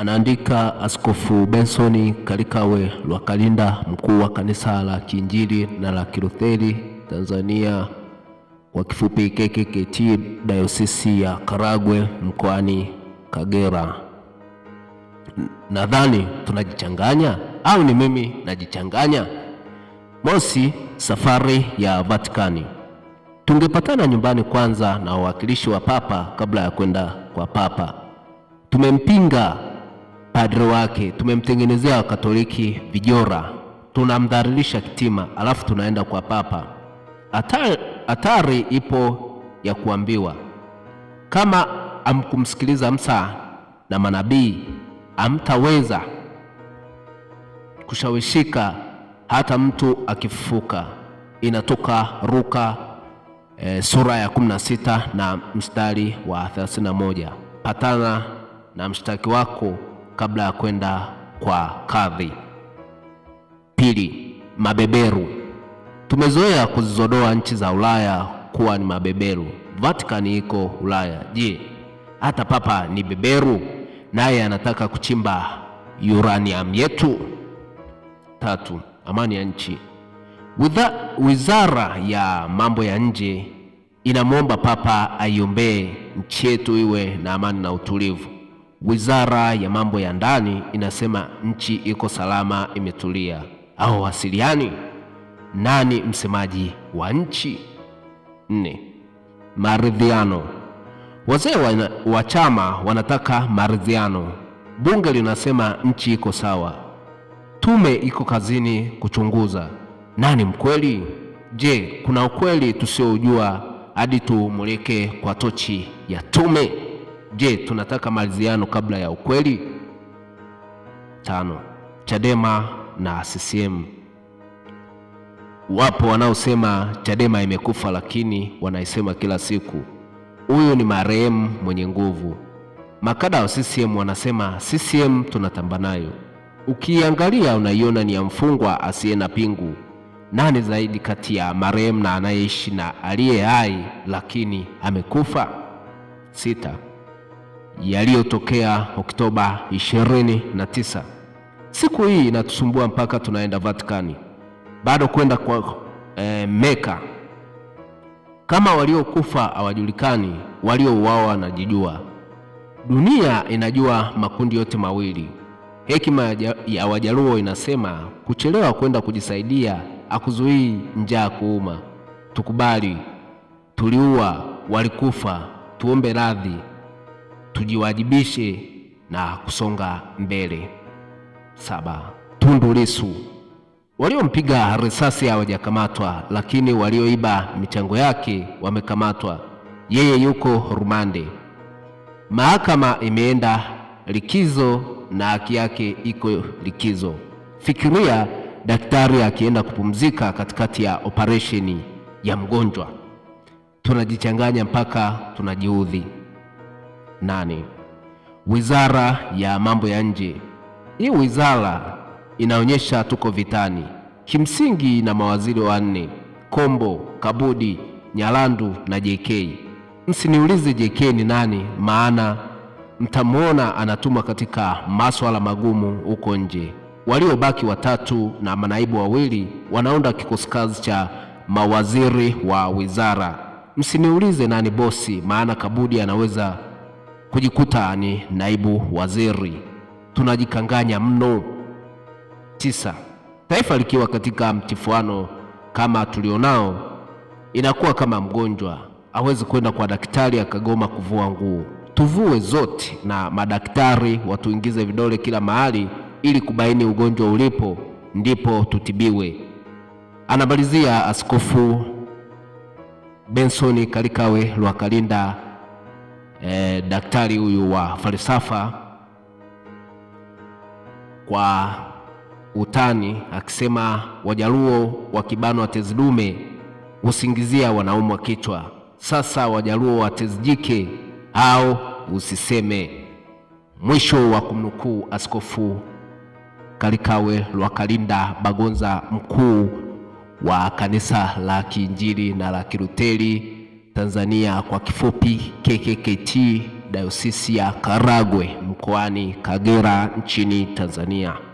Anaandika Askofu Benson Kalikawe Lwakalinda, mkuu wa kanisa la Kiinjili na la Kilutheri Tanzania, kwa kifupi KKKT, dayosisi ya Karagwe mkoani Kagera. Nadhani tunajichanganya au ni mimi najichanganya? Mosi, safari ya Vatikani. Tungepatana nyumbani kwanza na wawakilishi wa papa kabla ya kwenda kwa papa. Tumempinga padre wake, tumemtengenezea Wakatoliki vijora, tunamdhalilisha kitima, alafu tunaenda kwa papa. Hatari ipo ya kuambiwa kama amkumsikiliza Musa na manabii, amtaweza kushawishika hata mtu akifufuka. Inatoka Luka e, sura ya 16 na mstari wa 31. Patana na mshtaki wako kabla ya kwenda kwa kadhi. Pili, mabeberu. Tumezoea kuzizodoa nchi za Ulaya kuwa ni mabeberu. Vatican iko Ulaya. Je, hata papa ni beberu? Naye anataka kuchimba uranium yetu? Tatu, amani ya nchi. Wizara ya mambo ya nje inamwomba papa aiombee nchi yetu iwe na amani na utulivu. Wizara ya mambo ya ndani inasema nchi iko salama, imetulia. Au wasiliani nani msemaji wa nchi? Nne, maridhiano. Wazee wa, wa chama wanataka maridhiano. Bunge linasema nchi iko sawa. Tume iko kazini kuchunguza nani mkweli. Je, kuna ukweli tusiojua hadi tumulike kwa tochi ya tume? Je, tunataka maridhiano kabla ya ukweli? Tano, Chadema na CCM. Wapo wanaosema Chadema imekufa lakini wanaisema kila siku. Huyu ni marehemu mwenye nguvu. Makada wa CCM wanasema CCM tunatamba nayo, ukiangalia unaiona ni ya mfungwa asiye na pingu. Nani zaidi kati ya marehemu na anayeishi na aliye hai lakini amekufa? Sita, yaliyotokea Oktoba 29. Siku hii inatusumbua mpaka tunaenda Vatikani, bado kwenda kwa e, eh, Meka. Kama waliokufa hawajulikani, waliouawa wanajijua. Dunia inajua makundi yote mawili. Hekima ya Wajaluo inasema kuchelewa kwenda kujisaidia akuzuii njaa kuuma. Tukubali, tuliua, walikufa, tuombe radhi tujiwajibishe na kusonga mbele. Saba. Tundu Lissu waliompiga risasi hawajakamatwa, lakini walioiba michango yake wamekamatwa. Yeye yuko rumande, mahakama imeenda likizo na haki yake iko likizo. Fikiria daktari akienda kupumzika katikati ya operesheni ya mgonjwa. Tunajichanganya mpaka tunajiudhi nani? Wizara ya Mambo ya Nje. Hii wizara inaonyesha tuko vitani kimsingi, na mawaziri wanne: Kombo, Kabudi, Nyalandu na JK. Msiniulize JK ni nani, maana mtamwona anatumwa katika masuala magumu huko nje. Waliobaki watatu na manaibu wawili wanaunda kikosi kazi cha mawaziri wa wizara. Msiniulize nani bosi, maana Kabudi anaweza kujikuta ni naibu waziri. Tunajikanganya mno. Tisa, taifa likiwa katika mtifuano kama tulionao, inakuwa kama mgonjwa awezi kwenda kwa daktari akagoma kuvua nguo. Tuvue zote na madaktari watuingize vidole kila mahali ili kubaini ugonjwa ulipo, ndipo tutibiwe. Anamalizia Askofu Benson Kalikawe Lwakalinda e, daktari huyu wa falsafa kwa utani akisema Wajaluo wakibanwa tezi dume husingizia wanaumwa kichwa. Sasa Wajaluo wa tezi jike au usiseme. Mwisho wa kumnukuu Askofu Kalikawe Lwakalinda Bagonza, mkuu wa kanisa la Kiinjili na la Kiluteri Tanzania kwa kifupi KKKT Dayosisi ya Karagwe mkoani Kagera nchini Tanzania.